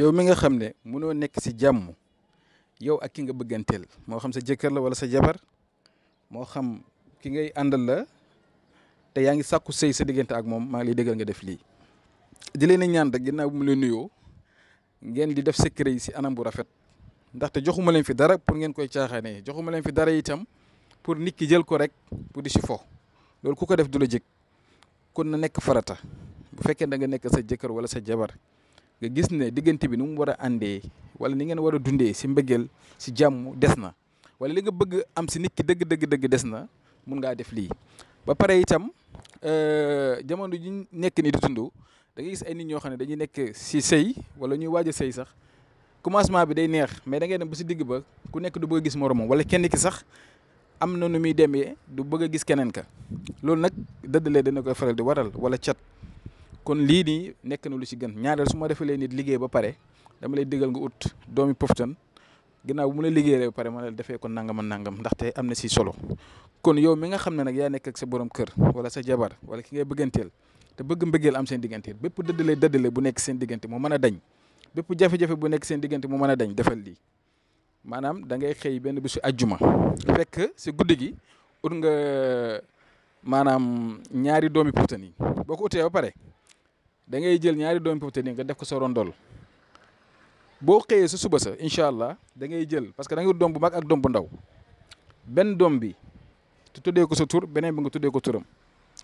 yow mi nga xam ne mënoo nekk si jàmm yow ak ki nga bëgganteel moo xam sa jëkkër la wala sa jabar moo xam ki ngay àndal la te yaa ngi sàkku sëy sa diggante ak moom maa lay déggal nga def lii di leen ñaan rek ginnaaw mu leen nuyoo ngeen di def secret yi anam bu rafet ndaxte joxuma leen fi dara pour ngeen koy caaxaanee joxuma leen fi dara itam pour nit ki jël ko rek pour di si fo loolu ku ko def du la kon na nekk farata bu fekkee da nga nekk sa jëkkër wala sa jabar nga gis ne diggante bi nu mu war a àndee wala ni ngeen war a dundee si mbëggeel si jàmm des na wala li nga bëgg am si nit ki dëgg dëgg dëgg des na mun ngaa def lii. ba pare itam euh, jamono ji nekk ni di dund da gis ay nit ñoo xam ne dañuy nekk si sëy wala ñuy waaj a sëy sax commencement bi day neex mais da ngay dem ba si digg ba ku nekk du bëgg a gis moromam wala kenn ki sax. am na nu muy demee du bëgg gis keneen ka loolu nag dëddalee dana koy faral di waral wala cat kon lii nii nekk na lu si gën ñaareel su ma defalee nit liggéey ba pare dama lay digal nga ut doomi poftan ginnaaw bu mu la liggéeyee ba pare ma la defee ko nangam nangam ndaxte am na si solo kon yow mi nga xam ne nag yaa nekk ak sa boroom kër wala sa jabar wala ki ngay bëgganteel te bëgg mbëggeel am seen diggante bépp dëddale dëddale bu nekk seen diggante mu a dañ bépp jafe bu nekk seen diggante mu mën a dañ defal lii maanaam da ngay xëy benn bisu ajjuma fekk si guddi gi ut nga maanaam ñaari doomi poftan yi boo ko utee da ngay jël ñaari doomi pomme de nga def ko sa rondol bo xëyee su suba sa inshallah allah da ngay jël parce que da ngay doom bu mag ak doom bu ndaw ben doom bi te tuddee ko sa tour benen bi nga tuddé ko turam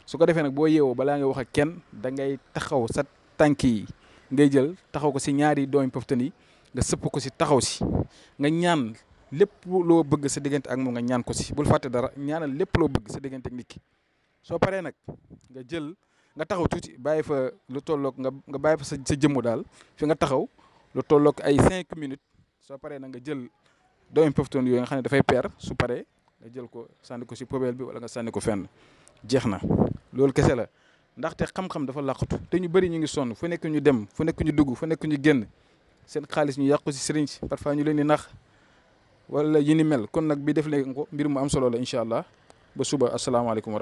su ko défé nak bo yéwo bala nga wax ak kenn da ngay taxaw sa tanki ngay jël taxaw ko si ñaari doomi pomme de nga sepp ko ci taxaw ci nga ñaan lepp lo bëgg sa digënté ak mo nga ñaan ko bul faté dara ñaanal lepp lo bëgg sa digënté ak nit ki so paré nak nga jël. nga taxaw tuuti bàyyi fa lu tolloog nga nga bàyyi fa sa sa jëmm daal fi nga taxaw lu tolloog ay cinq minutes soo paree na nga jël doomi poftoon yooyu nga xam ne dafay peer su paree nga jël ko sànni ko si poubelle bi wala nga sànni ko fenn jeex na loolu kese la ndaxte xam-xam dafa làqatu te ñu bëri ñu ngi sonn fu nekk ñu dem fu nekk ñu dugg fu nekk ñu génn seen xaalis ñu yàqu si sëriñ ci parfois ñu leen di nax wala yi ni mel kon nag bi def leen ko mbir mu am solo la incha allah ba suba asalaamaaleykum wa